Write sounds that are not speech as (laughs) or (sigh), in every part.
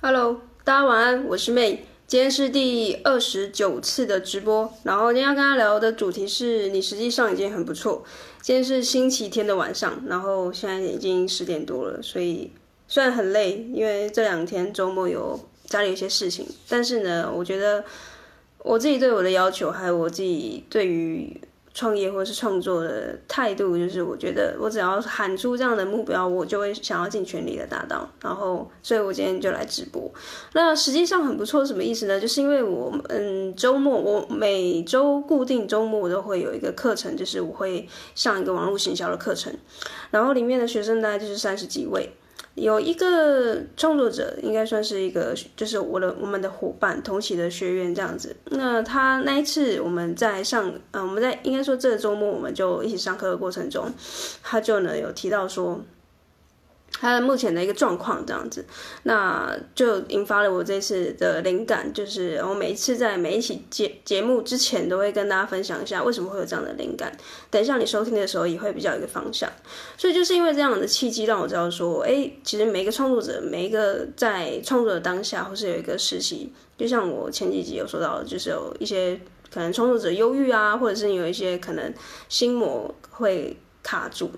哈嘍，Hello, 大家晚安，我是 May。今天是第二十九次的直播，然後今天要跟大家聊的主題是你實際上已經很不錯。今天是星期天的晚上，然後現在已經十點多了，所以雖然很累，因為這兩天周末有家裡有些事情，但是呢，我覺得我自己對我的要求還有我自己對於創業或者是創作的態度，就是我覺得我只要喊出這樣的目標，我就會想要盡全力的達到。然後，所以我今天就來直播。那實際上很不錯，什麼意思呢？就是因為我嗯週末，我每週固定週末我都會有一個課程，就是我會上一個網絡行銷的課程，然後裡面的學生大概就是三十幾位。有一個創作者，應該算是一個，就是我的我們的夥伴、同期的學員這樣子。那他那一次我們在上，嗯、呃，我們在應該說這個周末我們就一起上課的過程中，他就呢有提到說。他的目前的一個狀況這樣子，那就引發了我這次的靈感，就是我每一次在每一期節節目之前都會跟大家分享一下為什麼會有這樣的靈感。等一下你收聽的時候也會比較有一個方向。所以就是因為這樣的契機讓我知道說，哎，其實每一個創作者，每一個在創作的當下或是有一個時期。就像我前幾集有說到，就是有一些可能創作者憂鬱啊，或者是你有一些可能心魔會。卡住，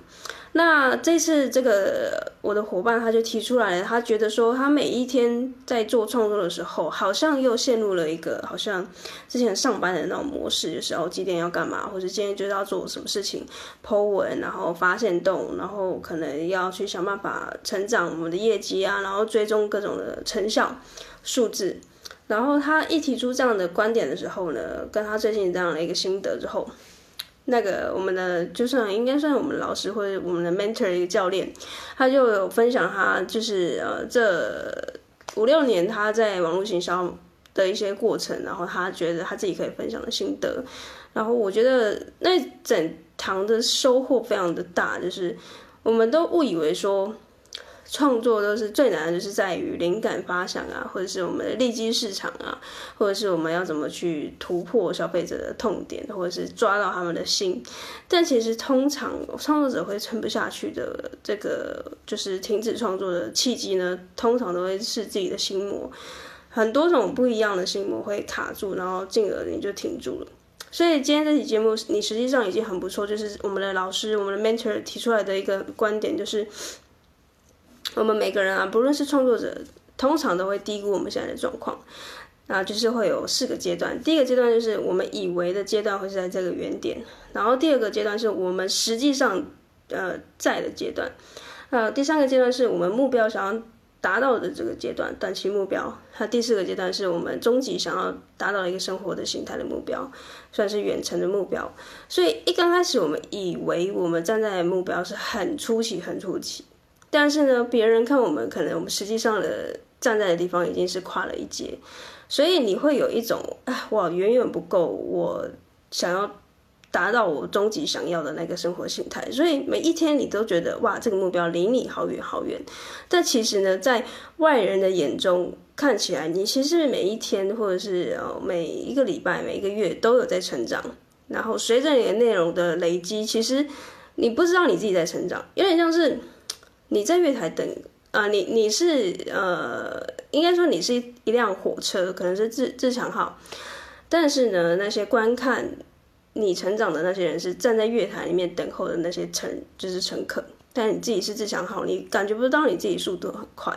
那這次這個我的夥伴他就提出來了，他覺得說他每一天在做創作的時候，好像又陷入了一個好像之前上班的那種模式，就是哦今天要幹嘛，或者今天就是要做什麼事情，Po 文，然後發現動，然後可能要去想辦法成長我們的業績啊，然後追蹤各種的成效數字，然後他一提出這樣的觀點的時候呢，跟他最近這樣的一個心得之後。那個我們的就算應該算我們老師或者我們的 mentor、一個教練，他就有分享，他就是呃這五六年他在網絡行銷的一些過程，然後他覺得他自己可以分享的心得，然後我覺得那整堂的收穫非常的大，就是我們都誤以為說。創作都是最難的，就是在於靈感發想啊，或者是我們的利基市場啊，或者是我們要怎麼去突破消費者的痛點，或者是抓到他們的心。但其實通常創作者會撐不下去的，這個就是停止創作的契機呢，通常都會是自己的心魔，很多種不一樣的心魔會卡住，然後進而你就停住了。所以今天這期節目，你實際上已經很不錯，就是我們的老師、我們的 mentor 提出來的一個觀點，就是。我們每個人啊，不論是創作者，通常都會低估我們現在的狀況。啊，就是會有四個階段。第一個階段就是我們以為的階段，會是在這個原點。然後第二個階段是我們實際上，呃，在的階段。呃、啊，第三個階段是我們目標想要達到的這個階段，短期目標。它、啊、第四個階段是我們終極想要達到一個生活的形態的目標，算是遠程的目標。所以一剛開始，我們以為我們站在目標是很初期，很初期。但是呢，別人看我們，可能我們實際上的站在的地方已經是跨了一階，所以你會有一種，啊，哇，遠遠不夠，我想要達到我終極想要的那個生活形態。所以每一天你都覺得，哇，這個目標離你好遠好遠。但其實呢，在外人的眼中看起來，你其實每一天或者是每一個禮拜、每一個月都有在成長。然後隨着你的內容的累積，其實你不知道你自己在成長，有點像是。你在月台等，呃，你你是呃，應該說你是一一輛火車，可能是自自強號，但是呢，那些觀看你成長的那些人是站在月台裡面等候的那些乘就是乘客，但你自己是自強號，你感覺不到你自己速度很快，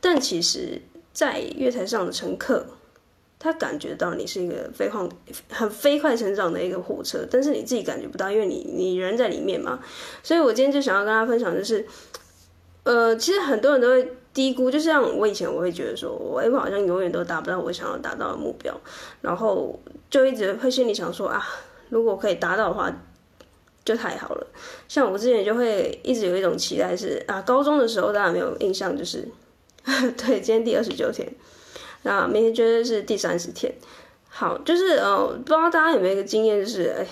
但其實，在月台上的乘客，他感覺到你是一個飛快很飛快成長的一個火車，但是你自己感覺不到，因為你你人在裡面嘛，所以我今天就想要跟大家分享就是。呃，其實很多人都會低估，就像我以前，我會覺得說，我好像永遠都達不到我想要達到的目標，然後就一直會心裡想說啊，如果可以達到的話，就太好了。像我之前就會一直有一種期待是啊，高中的時候大家沒有印象，就是呵呵對，今天第二十九天，那明天絕對是第三十天。好，就是呃，不知道大家有沒有一個經驗，就是哎。欸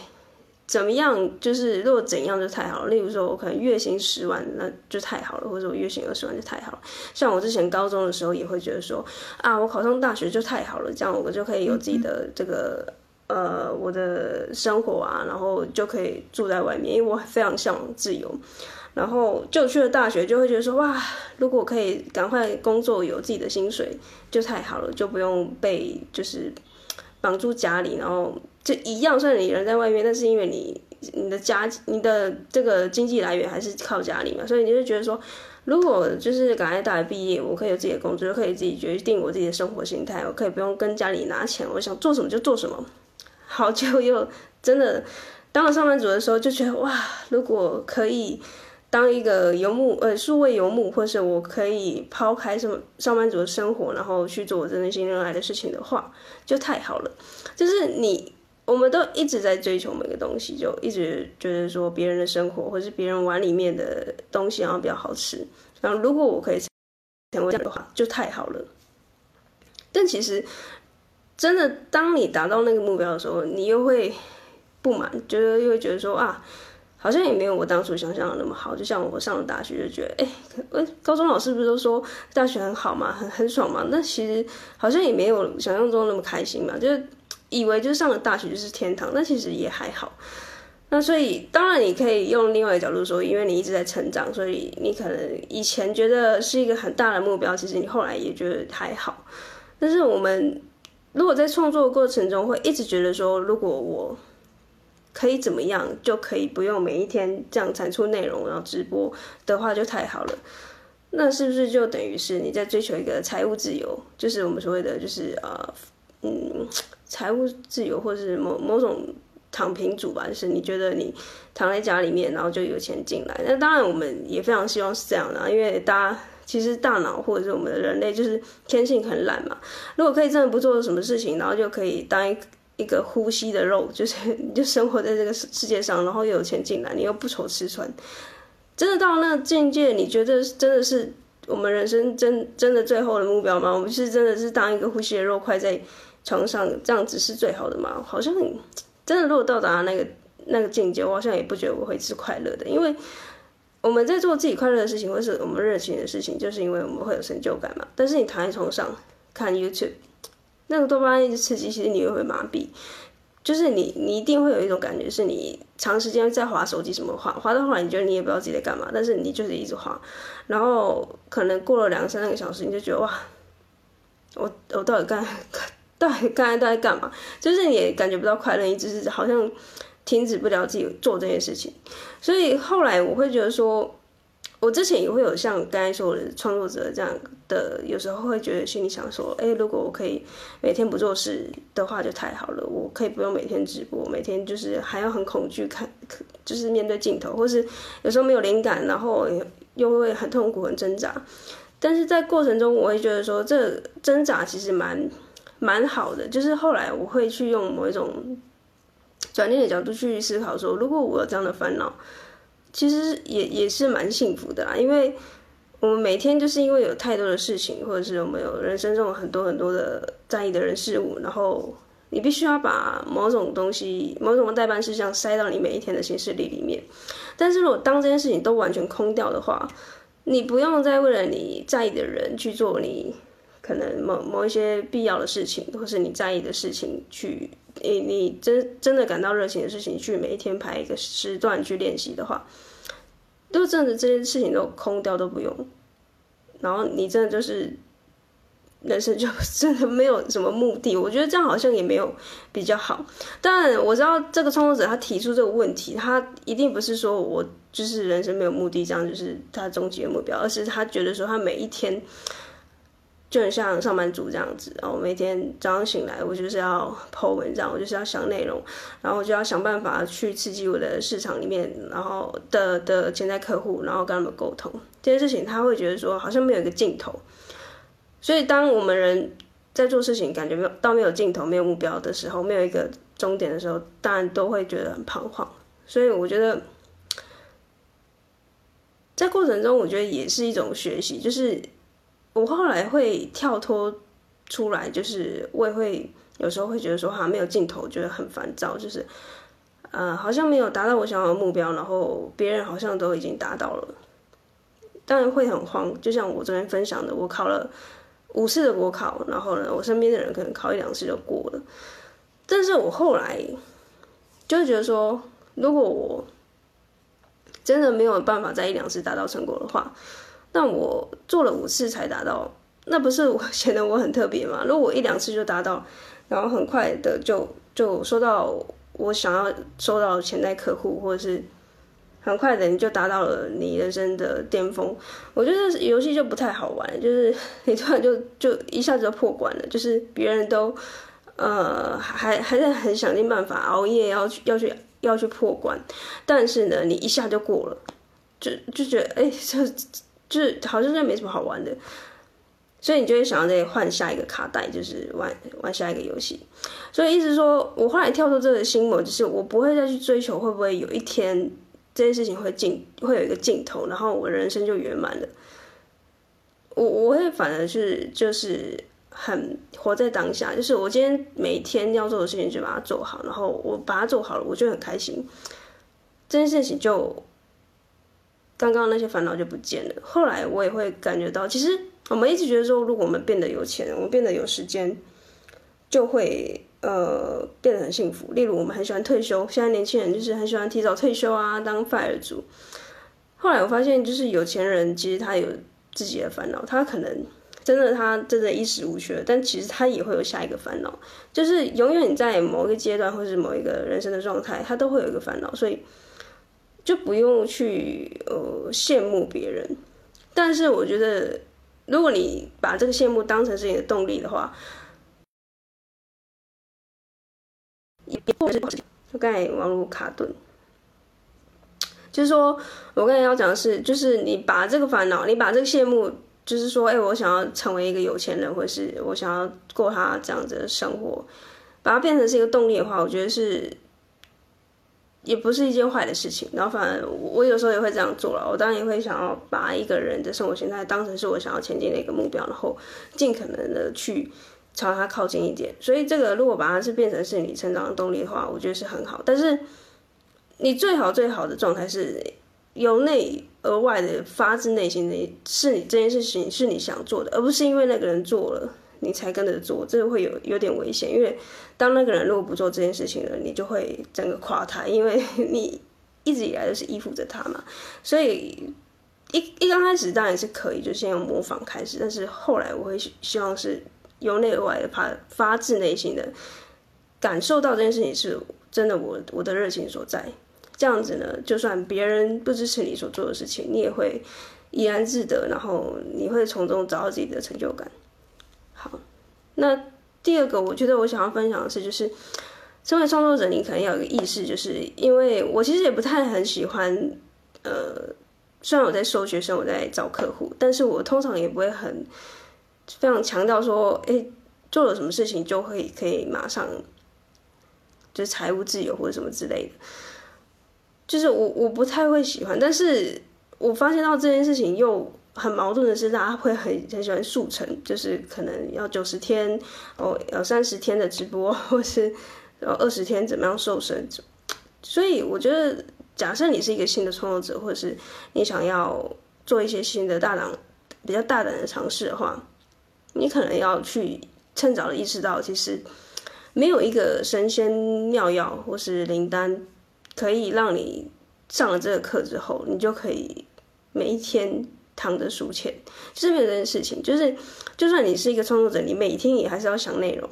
怎麼樣？就是如果怎樣就太好了。例如說，我可能月薪十萬，那就太好了；或者我月薪二十萬就太好了。像我之前高中的時候，也會覺得說，啊，我考上大學就太好了，這樣我就可以有自己的這個，呃，我的生活啊，然後就可以住在外面，因為我非常向往自由。然後就去了大學，就會覺得說，哇，如果我可以趕快工作，有自己的薪水，就太好了，就不用被就是綁住家裡，然後。就一樣，算你人在外面，但是因為你你的家，你的這個經濟來源還是靠家裡嘛，所以你就覺得說，如果就是趕快大學畢業，我可以有自己的工作，可以自己決定我自己的生活形態，我可以不用跟家裡拿錢，我想做什麼就做什麼。好久又真的當了上班族的時候，就覺得哇，如果可以當一個游牧，呃，數位游牧，或是我可以拋開什麼上班族的生活，然後去做我真心熱愛的事情的話，就太好了。就是你。我們都一直在追求每個東西，就一直覺得說別人的生活或者是別人碗裡面的東西然後比較好吃，然後如果我可以成為這樣的話就太好了。但其實真的當你達到那個目標的時候，你又會不滿，就是又會覺得說啊，好像也沒有我當初想象的那麼好。就像我上了大學就覺得，哎、欸，高中老師不是都說大學很好嘛，很很爽嘛，那其實好像也沒有想象中那麼開心嘛，就是。以為就是上了大學就是天堂，那其實也還好。那所以當然你可以用另外一個角度說，因為你一直在成長，所以你可能以前覺得是一個很大的目標，其實你後來也覺得還好。但是我們如果在創作的過程中，會一直覺得說，如果我可以怎麼樣，就可以不用每一天這樣產出內容然後直播的話，就太好了。那是不是就等於是你在追求一個財務自由？就是我們所謂的就是呃。嗯，財務自由，或是某某種躺平主吧，就是你覺得你躺在家裡面，然後就有錢進來。那當然，我們也非常希望是這樣的啊，因為大家其實大腦或者是我們的人類就是天性很懶嘛。如果可以真的不做什麼事情，然後就可以當一個呼吸的肉，就是你就生活在這個世世界上，然後又有錢進來，你又不愁吃穿，真的到那境界，你覺得真的是我們人生真真的最後的目標嗎？我們是真的是當一個呼吸的肉塊在？床上這樣子是最好的嘛？好像很，真的如果到達那個那個境界，我好像也不覺得我會是快樂的。因為我們在做自己快樂的事情，或是我們熱情的事情，就是因為我們會有成就感嘛。但是你躺在床上看 YouTube，那個多巴胺一直刺激，其實你又會麻痹就是你，你一定會有一種感覺，是你長時間在劃手機，什麼劃，劃到後來你覺得你也不知道自己在幹嘛，但是你就是一直劃。然後可能過了兩三個小時，你就覺得哇，我我到底幹？到剛才都在幹嘛？就是你也感覺不到快樂，一直是好像停止不了自己做這件事情。所以後來我會覺得說，我之前也會有像剛才說的創作者這樣的，有時候會覺得心裡想說，哎、欸，如果我可以每天不做事的話就太好了，我可以不用每天直播，每天就是還要很恐懼看，就是面對鏡頭，或是有時候沒有靈感，然後又會很痛苦很掙扎。但是在過程中，我會覺得說，這掙扎其實蠻。蠻好的，就是後來我會去用某一種轉念的角度去思考說，說如果我有這樣的煩惱，其實也也是蠻幸福的啦。因為我們每天就是因為有太多的事情，或者是我們有人生中很多很多的在意的人事物，然後你必須要把某種東西、某種代辦事項塞到你每一天的行事曆裡面。但是如果當這件事情都完全空掉的話，你不用再為了你在意的人去做你。可能某某一些必要的事情，或是你在意的事情去，去你你真真的感到熱情的事情，去每一天排一個時段去練習的話，都真的這些事情都空掉都不用，然後你真的就是人生就真的沒有什麼目的。我覺得這樣好像也沒有比較好。但我知道這個創作者他提出這個問題，他一定不是說我就是人生沒有目的，這樣就是他終極的目標，而是他覺得說他每一天。就很像上班族這樣子，然、哦、後每天早上醒來，我就是要 PO 文章，我就是要想內容，然後我就要想辦法去刺激我的市場裡面，然後的的潛在客戶，然後跟他們溝通這件事情，他會覺得說好像沒有一個盡頭。所以，當我們人在做事情，感覺到沒有盡頭、沒有目標的時候，沒有一個終點的時候，當然都會覺得很彷徨。所以，我覺得在過程中，我覺得也是一種學習，就是。我後來會跳脫出來，就是我也會有時候會覺得說，哈，沒有盡頭，覺得很煩躁，就是，呃，好像沒有達到我想要的目標，然後別人好像都已經達到了，當然會很慌。就像我這邊分享的，我考了五次的國考，然後呢，我身邊的人可能考一兩次就過了，但是我後來就覺得說，如果我真的沒有辦法在一兩次達到成果的話。那我做了五次才達到，那不是我顯得我很特別嗎？如果我一兩次就達到，然後很快的就就收到我想要收到潛在客戶，或者是很快的你就達到了你人生的巔峰，我覺得遊戲就不太好玩，就是你突然就就一下子就破關了，就是別人都呃還還在很想盡辦法熬夜要去要去要去破關，但是呢你一下就過了，就就覺得哎這。欸就就是好像在沒什麼好玩的，所以你就會想要再換下一個卡帶，就是玩玩下一個遊戲。所以意思說，我後來跳出這個心魔，就是我不會再去追求會不會有一天這件事情會進，會有一個盡頭，然後我的人生就圓滿了。我我會反而是就是很活在當下，就是我今天每天要做的事情就把它做好，然後我把它做好了，我就很開心。這件事情就。剛剛那些煩惱就不見了。後來我也會感覺到，其實我們一直覺得說，如果我們變得有錢，我們變得有時間，就會呃變得很幸福。例如，我們很喜歡退休，現在年輕人就是很喜歡提早退休啊，當 FIRE 族。後來我發現，就是有錢人其實他有自己的煩惱，他可能真的他真的衣食無缺，但其實他也會有下一個煩惱，就是永遠在某一個階段或是某一個人生的狀態，他都會有一個煩惱，所以。就不用去呃羨慕別人，但是我覺得，如果你把這個羨慕當成是你的動力的話，也 (music) 也不是不好。我剛才網絡卡頓，就是說，我剛才要講的是，就是你把這個煩惱，你把這個羨慕，就是說，哎、欸，我想要成為一個有錢人，或是我想要過他這樣子的生活，把它變成是一個動力的話，我覺得是。也不是一件壞的事情，然後反正我，我有時候也會這樣做了，我當然也會想要把一個人的生活形態當成是我想要前進的一個目標，然後盡可能的去朝他靠近一點。所以這個如果把它是變成是你成長的動力的話，我覺得是很好。但是你最好最好的狀態是由內而外的發自內心的，是你這件事情是你想做的，而不是因為那個人做了。你才跟着做，這會有有點危險，因為當那個人如果不做這件事情了，你就會整個垮台，因為你一直以來都是依附着他嘛。所以一一剛開始當然是可以，就先用模仿開始，但是後來我會希望是由內而外的發發自內心的感受到這件事情是真的我，我我的熱情所在。這樣子呢，就算別人不支持你所做的事情，你也會怡然自得，然後你會從中找到自己的成就感。那第二個，我覺得我想要分享的是，就是，身為創作者，你可能要有一個意識，就是因為我其實也不太很喜歡，呃，雖然我在收學生，我在找客戶，但是我通常也不會很非常強調說，哎，做了什麼事情就會可、可以馬上，就是財務自由或者什麼之類的，就是我我不太會喜歡，但是我發現到這件事情又。很矛盾的是，大家會很很喜歡速成，就是可能要九十天，哦，要三十天的直播，或是，呃，二十天怎麼樣瘦身？所以我覺得，假設你是一個新的創作者，或者是你想要做一些新的大膽、比較大膽的嘗試的話，你可能要去趁早的意識到，其實沒有一個神仙妙藥或是靈丹，可以讓你上了這個課之後，你就可以每一天，躺着數錢，就是沒有這件事情。就是，就算你是一個創作者，你每天也還是要想內容，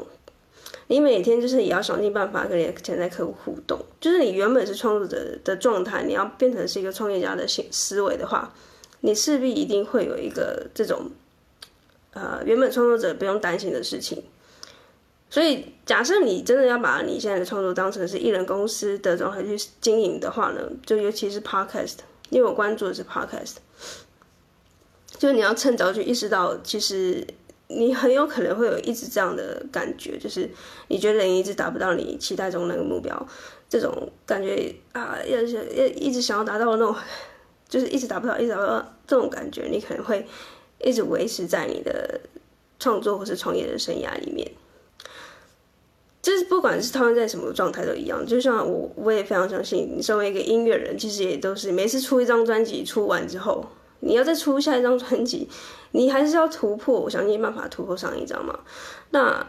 你每天就是也要想盡辦法跟你的潛在客戶互動。就是你原本是創作者的狀態，你要變成是一個創業家的思思維的話，你勢必一定會有一個這種，呃，原本創作者不用擔心的事情。所以，假設你真的要把你現在的創作當成是一人公司的狀態去經營的話呢，就尤其是 Podcast，因為我關注的是 Podcast。就你要趁早去意識到，其實你很有可能會有一直這樣的感覺，就是你覺得你一直達不到你期待中那個目標，這種感覺啊，要是要一直想要達到那種，就是一直達不到，一直達不到這種感覺，你可能會一直維持在你的創作或是創業的生涯裡面。就是不管是他們在什麼狀態都一樣，就像我我也非常相信，你身為一個音樂人，其實也都是每次出一張專輯出完之後。你要再出下一張專輯，你還是要突破，我想盡辦法突破上一張嘛。那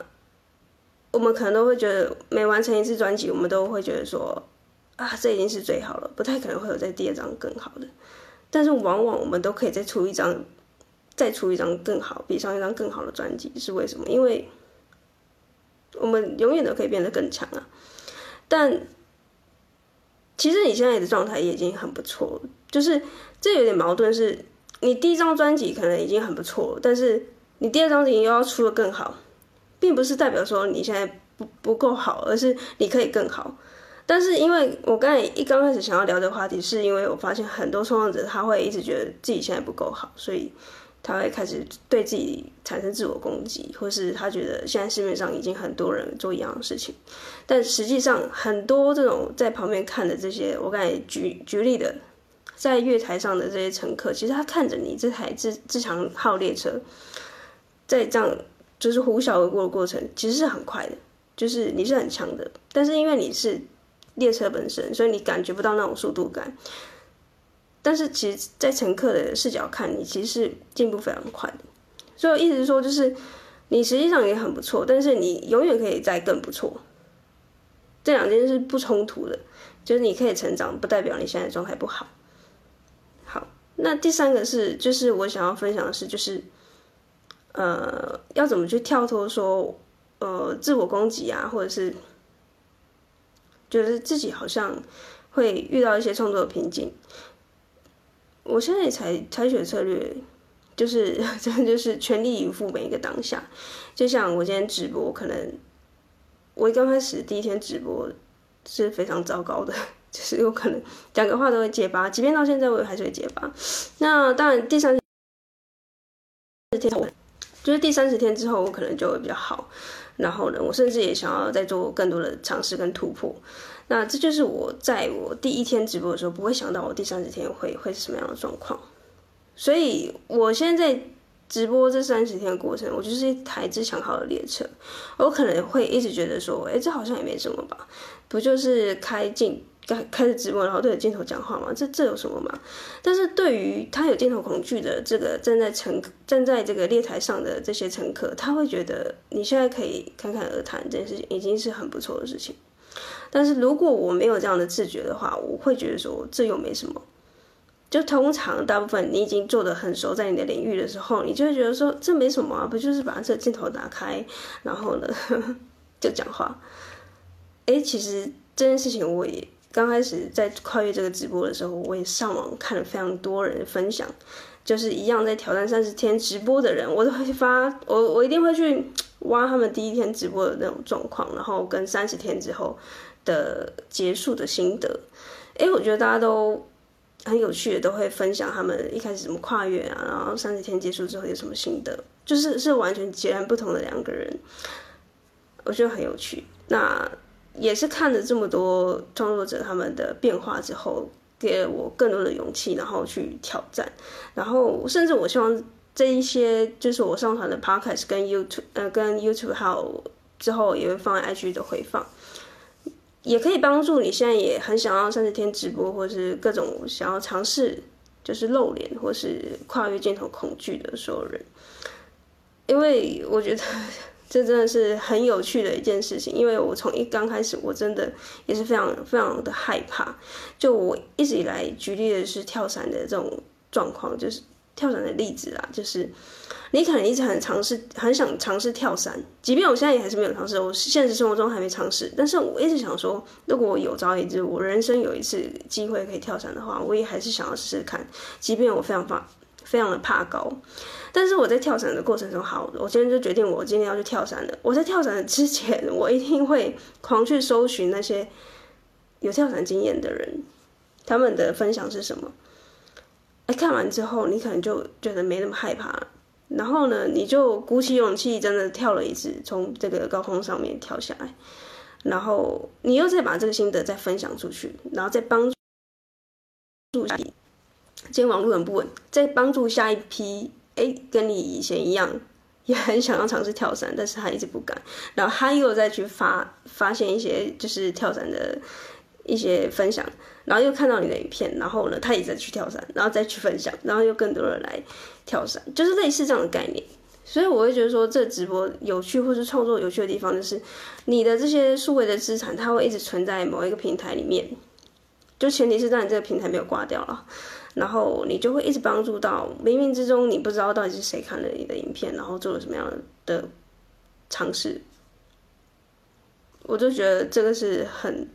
我們可能都會覺得，每完成一次專輯，我們都會覺得說，啊，這已經是最好了，不太可能會有再第二張更好的。但是往往我們都可以再出一張，再出一張更好，比上一張更好的專輯，是為什麼？因為，我們永遠都可以變得更強啊。但其實你現在的狀態也已經很不錯，就是這有點矛盾。是你第一張專輯可能已經很不錯，但是你第二張專輯又要出得更好，並不是代表說你現在不不夠好，而是你可以更好。但是因為我剛才一剛開始想要聊這個話題，是因為我發現很多創作者他會一直覺得自己現在不夠好，所以。他會開始對自己產生自我攻擊，或是他覺得現在市面上已經很多人做一樣的事情，但實際上很多這種在旁邊看的這些，我剛才舉舉例的，在月台上的這些乘客，其實他看着你這台自自強號列車，在這樣就是呼嘯而過的過程，其實是很快的，就是你是很強的，但是因為你是列車本身，所以你感覺不到那種速度感。但是，其實，在乘客的視角看，你其實是進步非常快的。所以，我意思說就是，你實際上也很不錯，但是你永遠可以再更不錯。這兩件事不衝突的，就是你可以成長，不代表你現在狀態不好。好，那第三個是，就是我想要分享的是，就是，呃，要怎麼去跳脫說，呃，自我攻擊啊，或者是，覺得自己好像會遇到一些創作的瓶頸。我現在也才採取策略，就是真就是全力以赴每一個當下。就像我今天直播，可能我剛開始第一天直播是非常糟糕的，就是有可能講個話都會結巴，即便到現在我也還是會結巴。那當然第三天，就是第三十天之後，我可能就會比較好。然後呢，我甚至也想要再做更多的嘗試跟突破。那這就是我在我第一天直播的時候不會想到，我第三十天會會是什麼樣的狀況。所以我現在直播這三十天的過程，我就是一台自強號的列車，我可能會一直覺得說，哎，這好像也沒什麼吧，不就是開進。開開始直播，然後對着鏡頭講話嘛，這這有什麼嘛？但是對於他有鏡頭恐懼的這個站在乘站在這個擂台上的這些乘客，他會覺得你現在可以侃侃而談，這件事情已經是很不錯的事情。但是如果我沒有這樣的自覺的話，我會覺得說這又沒什麼。就通常大部分你已經做得很熟，在你的領域的時候，你就會覺得說這沒什麼啊，不就是把這鏡頭打開，然後呢 (laughs) 就講話。哎、欸，其實這件事情我也。剛開始在跨越這個直播的時候，我也上網看了非常多人分享，就是一樣在挑戰三十天直播的人，我都會發，我我一定會去挖他們第一天直播的那種狀況，然後跟三十天之後的結束的心得。誒，我覺得大家都很有趣的，都會分享他們一開始怎麼跨越啊，然後三十天結束之後有什麼心得，就是是完全截然不同的兩個人，我覺得很有趣。那。也是看了這麼多創作者他們的變化之後給了我更多的勇氣，然後去挑戰。然後甚至我希望這一些就是我上傳的 Podcast 跟 YouTube，呃，跟 YouTube 還有之後也會放在 IG 的回放，也可以幫助你現在也很想要三十天直播，或是各種想要嘗試就是露臉或是跨越鏡頭恐懼的所有人，因為我覺得。這真的是很有趣的一件事情，因為我從一剛開始，我真的也是非常非常的害怕。就我一直以來舉例的是跳傘的這種狀況，就是跳傘的例子啊，就是你可能一直很嘗試，很想嘗試跳傘，即便我現在也還是沒有嘗試，我現實生活中還沒嘗試，但是我一直想說，如果我有朝一日我人生有一次機會可以跳傘的話，我也還是想要試試看，即便我非常怕。非常的怕高，但是我在跳傘的過程中，好，我今天就決定我今天要去跳傘了。我在跳傘之前，我一定會狂去搜尋那些有跳傘經驗的人，他們的分享是什麼？欸，看完之後，你可能就覺得沒那麼害怕了。然後呢，你就鼓起勇氣，真的跳了一次，從這個高空上面跳下來。然後你又再把這個心得再分享出去，然後再幫助。今天網絡很不穩，在幫助下一批，哎、欸，跟你以前一樣，也很想要嘗試跳傘，但是他一直不敢。然後他又再去發，發現一些就是跳傘的一些分享，然後又看到你的影片，然後呢，他也在去跳傘，然後再去分享，然後又更多人來跳傘，就是類似這樣的概念。所以我會覺得說，這個、直播有趣，或是創作有趣的地方，就是你的這些數位的資產，它會一直存在某一個平台裡面，就前提是讓你這個平台沒有掛掉了。然後你就會一直幫助到冥冥之中，你不知道到底是誰看了你的影片，然後做了什麼樣的的嘗試。我就覺得這個是很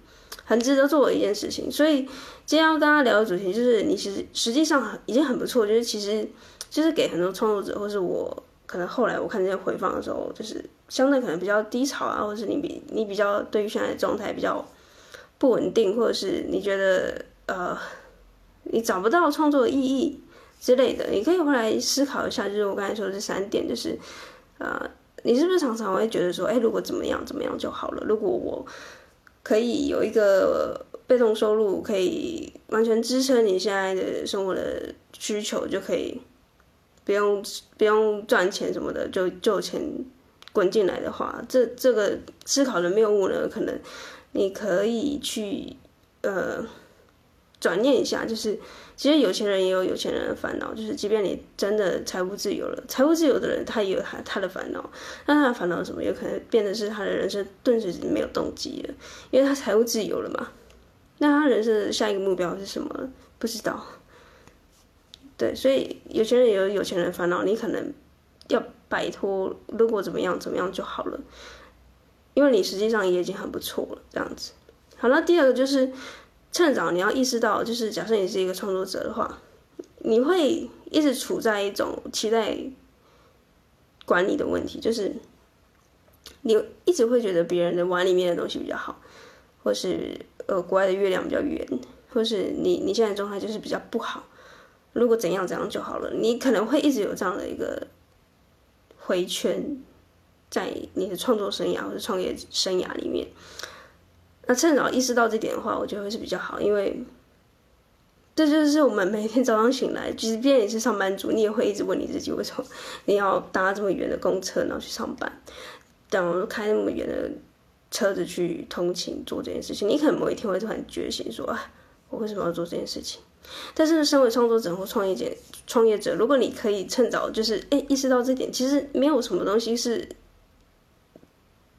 很值得做的一件事情。所以今天要跟大家聊的主題就是你，你其實實際上已經很不錯。就是其實就是給很多創作者，或是我可能後來我看這些回放的時候，就是相對可能比較低潮啊，或者是你比你比較對於現在的狀態比較不穩定，或者是你覺得呃。你找不到創作意義之類的，你可以回來思考一下，就是我剛才說的這三點，就是，呃，你是不是常常會覺得說，哎、欸，如果怎麼樣怎麼樣就好了？如果我可以有一個被動收入，可以完全支撐你現在的生活的需求，就可以不用不用賺錢什麼的，就就錢滾進來的話，這這個思考的謬誤呢，可能你可以去呃。轉念一下，就是其實有錢人也有有錢人的煩惱，就是即便你真的財務自由了，財務自由的人他也有他的煩惱，他的煩惱，那他的煩惱是什麼？有可能變得是他的人生頓時沒有動機了，因為他財務自由了嘛，那他人生的下一個目標是什麼？不知道。對，所以有錢人也有有錢人煩惱，你可能要擺脫，如果怎麼樣怎麼樣就好了，因為你實際上也已經很不錯了，這樣子。好了，那第二個就是。趁早，你要意識到，就是假設你是一個創作者的話，你會一直處在一種期待管理的問題，就是你一直會覺得別人的碗裡面的東西比較好，或是呃國外的月亮比較圓，或是你你現在狀態就是比較不好，如果怎樣怎樣就好了，你可能會一直有這樣的一個回圈，在你的創作生涯或者創業生涯裡面。那趁早意識到這點的話，我覺得會是比較好，因為，這就是我們每天早上醒來，即便你是上班族，你也會一直問你自己：為什麼你要搭這麼遠的公車，然後去上班？然後開那麼遠的車子去通勤做這件事情？你可能某一天會突然覺醒，說：啊，我為什麼要做這件事情？但是，身為創作者或創業者，創業者，如果你可以趁早就是，哎，意識到這點，其實沒有什麼東西是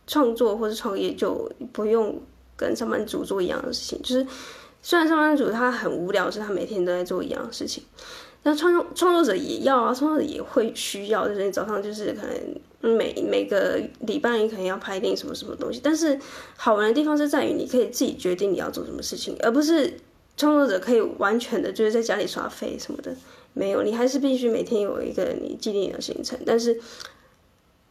創作或者創業就不用。跟上班族做一樣的事情，就是雖然上班族他很無聊，是他每天都在做一樣的事情，但創作創作者也要啊，創作者也會需要，就是你早上就是可能每每個禮拜你可能要拍一定什麼什麼東西，但是好玩的地方是在於你可以自己決定你要做什麼事情，而不是創作者可以完全的就是在家裡耍廢什麼的，沒有，你還是必須每天有一個你既定的行程，但是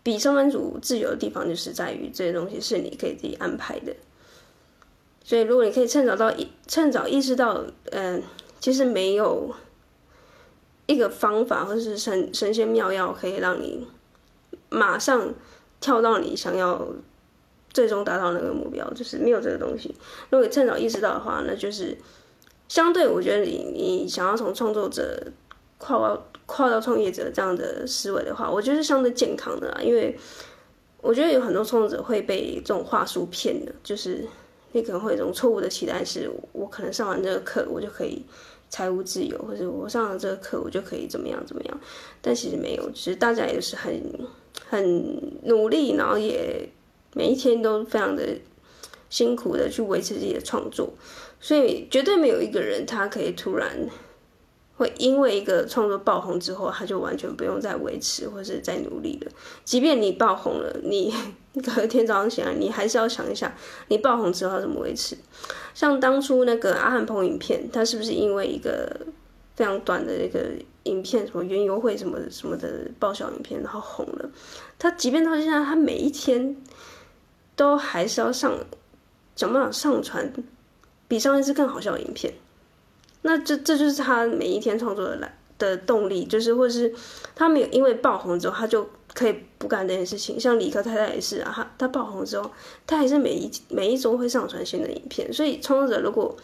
比上班族自由的地方就是在於這些東西是你可以自己安排的。所以，如果你可以趁早到，趁早意識到，嗯、呃，其實沒有一個方法或是神神仙妙藥可以讓你馬上跳到你想要最終達到那個目標，就是沒有這個東西。如果你趁早意識到的話，那就是相對，我覺得你你想要從創作者跨到跨到創業者這樣的思維的話，我覺得是相對健康的啦，因為我覺得有很多創作者會被這種話術騙的，就是。你可能會有一種錯誤的期待是，是我可能上完這個課，我就可以財務自由，或者我上了這個課，我就可以怎麼樣怎麼樣。但其實沒有，其實大家也是很很努力，然後也每一天都非常的辛苦的去維持自己的創作。所以絕對沒有一個人，他可以突然會因為一個創作爆紅之後，他就完全不用再維持或是再努力了。即便你爆紅了，你。隔天早上醒來，你還是要想一下，你爆紅之後要怎麼維持？像當初那個阿翰 po 影片，他是不是因為一個非常短的一個影片，什麼園遊會什麼的什麼的爆笑影片，然後紅了？他即便到現在，他每一天都還是要上，想辦法上傳比上一支更好笑的影片。那這這就是他每一天創作的來的動力，就是或是他沒有因為爆紅之後，他就可以。不幹這件事情，像理科太太也是啊。她她爆紅之後，她還是每一每一周會上傳新的影片。所以，創作者如果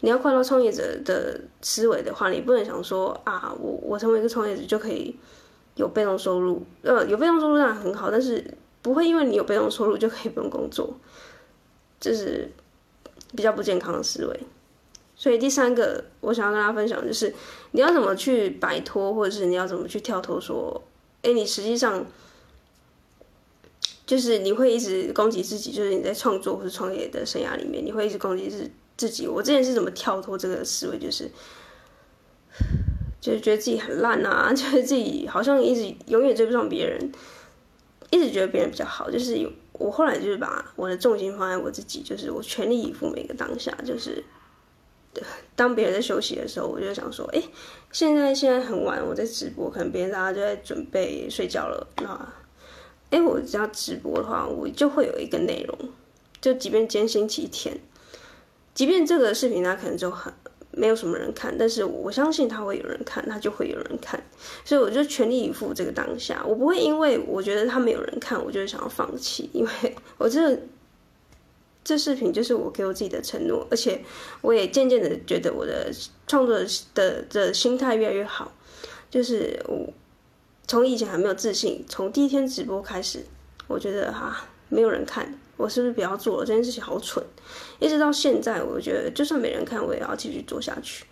你要快到創業者的思維的話，你不能想說啊，我我成為一個創業者就可以有被動收入。呃，有被動收入當然很好，但是不會因為你有被動收入就可以不用工作，這，就是比較不健康的思維。所以，第三個我想要跟大家分享就是，你要怎麼去擺脫，或者是你要怎麼去跳脫說，哎、欸，你實際上。就是你會一直攻擊自己，就是你在創作或者創業的生涯裡面，你會一直攻擊自自己。我之前是怎麼跳脫這個思維？就是就是覺得自己很爛啊，就是自己好像一直永遠追不上別人，一直覺得別人比較好。就是我後來就是把我的重心放在我自己，就是我全力以赴每個當下。就是當別人在休息的時候，我就想說：哎、欸，現在現在很晚，我在直播，可能別人大家就在準備睡覺了那。因為我只要直播的話，我就會有一個內容。就即便今天星期天，即便這個視頻它可能就很沒有什麼人看，但是我，我相信他會有人看，他就會有人看。所以我就全力以赴這個當下，我不會因為我覺得他沒有人看，我就想要放棄，因為我這這視頻就是我給我自己的承諾，而且我也漸漸的覺得我的創作的的，的心態越來越好，就是我。從以前還沒有自信，從第一天直播開始，我覺得哈、啊、沒有人看，我是不是不要做了？這件事情好蠢。一直到現在，我覺得就算沒人看，我也要繼續做下去。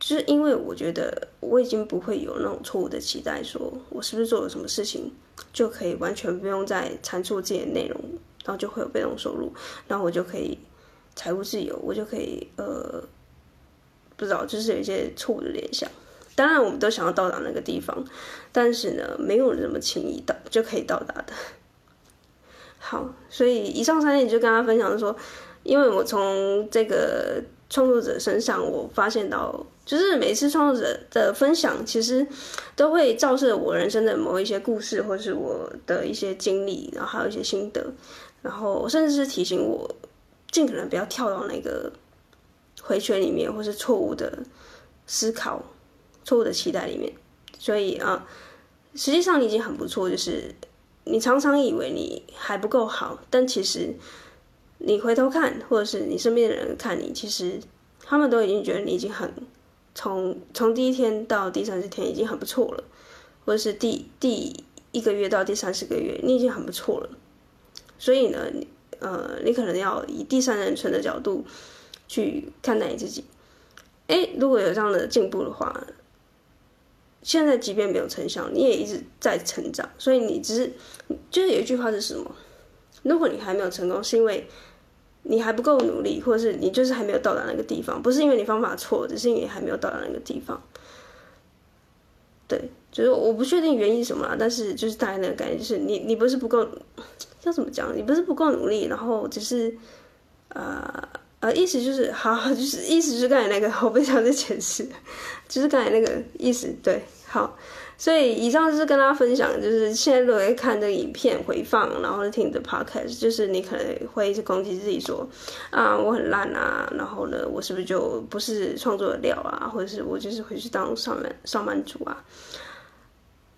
就是因為我覺得我已經不會有那種錯誤的期待說，說我是不是做了什麼事情就可以完全不用再產出自己的內容，然後就會有被動收入，然後我就可以財務自由，我就可以呃，不知道，就是有一些錯誤的聯想。當然，我們都想要到達那個地方，但是呢，沒有那麼輕易到就可以到達的。好，所以以上三點就跟大家分享說，因為我從這個創作者身上，我發現到，就是每次創作者的分享，其實都會照射我人生的某一些故事，或是我的一些經歷，然後還有一些心得，然後甚至是提醒我，盡可能不要跳到那個回圈裡面，或是錯誤的思考。錯誤的期待裡面，所以啊，實際上你已經很不錯。就是你常常以為你還不夠好，但其實你回頭看，或者是你身邊的人看你，其實他們都已經覺得你已經很從從第一天到第三十天已經很不錯了，或者是第第一個月到第三十個月，你已經很不錯了。所以呢，呃，你可能要以第三人稱的角度去看待你自己。哎，如果有這樣的進步的話。現在即便沒有成效，你也一直在成長，所以你只是，就是有一句話是什麼？如果你還沒有成功，是因為你還不夠努力，或者是你就是還沒有到達那個地方，不是因為你方法錯，只是因為你還沒有到達那個地方。對，就是我不確定原因什麼啦，但是就是大家那個感覺就是你你不是不夠，要怎麼講？你不是不夠努力，然後只是呃。呃，意思就是好，就是意思就是剛才那個，我不想再解釋，就是剛才那個意思，對，好，所以以上就是跟大家分享，就是現在如果在看這個影片回放，然後聽你的 podcast，就是你可能會攻擊自己說，啊、呃，我很爛啊，然後呢，我是不是就不是創作的料啊？或者是我就是回去當上門上班族啊？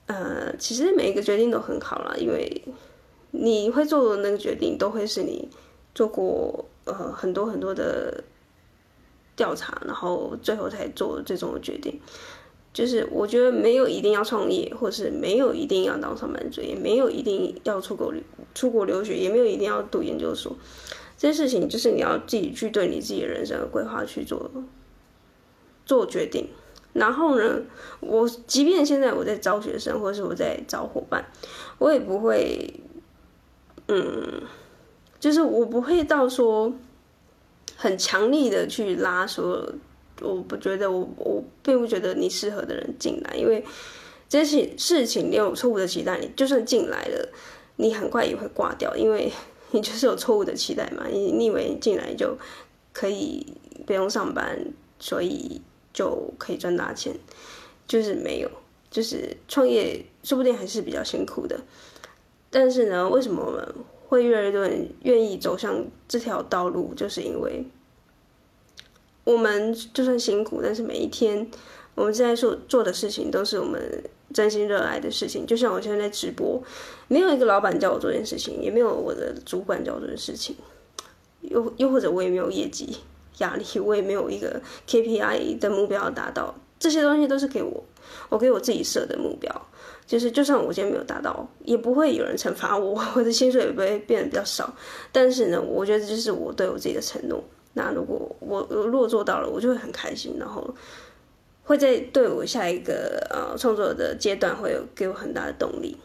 呃，其實每一個決定都很好了，因為你會做的那個決定，都會是你做過呃，很多很多的調查，然後最後才做最終的決定。就是我覺得沒有一定要創業，或是沒有一定要當上班族，也沒有一定要出國，出國留學，也沒有一定要讀研究所。這些事情就是你要自己去對你自己的人生的規劃去做做決定。然後呢，我即便現在我在招學生，或是我在找夥伴，我也不會，嗯。就是我不會到說，很強力的去拉說，我不覺得我我並不覺得你適合的人進來，因為這些事情你有錯誤的期待你，你就算進來了，你很快也會掛掉，因為你就是有錯誤的期待嘛你，你以為進來就可以不用上班，所以就可以賺大錢，就是沒有，就是創業說不定還是比較辛苦的，但是呢，為什麼？會越來越多人願意走向這條道路，就是因為我們就算辛苦，但是每一天我們現在所做的事情都是我們真心熱愛的事情。就像我現在在直播，沒有一個老闆叫我做這件事情，也沒有我的主管叫我做的事情，又又或者我也沒有業績壓力，我也沒有一個 KPI 的目標要達到，這些東西都是給我。我給我自己設的目標，就是就算我今天沒有達到，也不會有人懲罰我，我的薪水也不會變得比較少。但是呢，我覺得這是我對我自己的承諾。那如果我，我如果做到了，我就會很開心，然後會再對我下一個呃創作的階段會有給我很大的動力。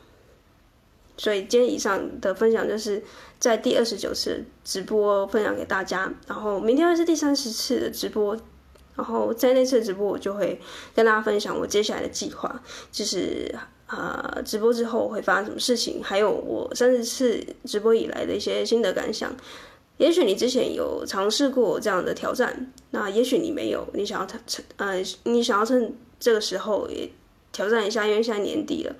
所以今天以上的分享就是在第二十九次直播分享給大家，然後明天會是第三十次的直播。然後在那次直播，我就會跟大家分享我接下來的計劃，就是呃，直播之後會發生什麼事情，還有我三十次直播以來的一些心得感想。也許你之前有嘗試過這樣的挑戰，那也許你沒有，你想要趁呃，你想要趁這個時候也挑戰一下，因為現在年底了，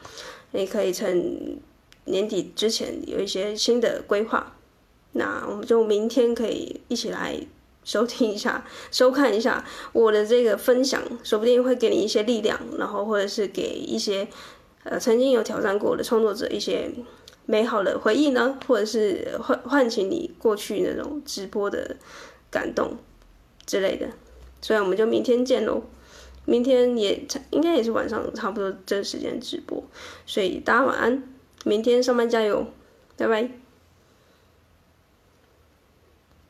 你可以趁年底之前有一些新的規劃。那我們就明天可以一起來。收聽一下，收看一下我的這個分享，說不定會給你一些力量，然後或者是給一些，呃，曾經有挑戰過的創作者一些美好的回憶呢，或者是喚喚醒你過去那種直播的感動之類的。所以我們就明天見嘍，明天也應該也是晚上差不多這個時間直播，所以大家晚安，明天上班加油，拜拜。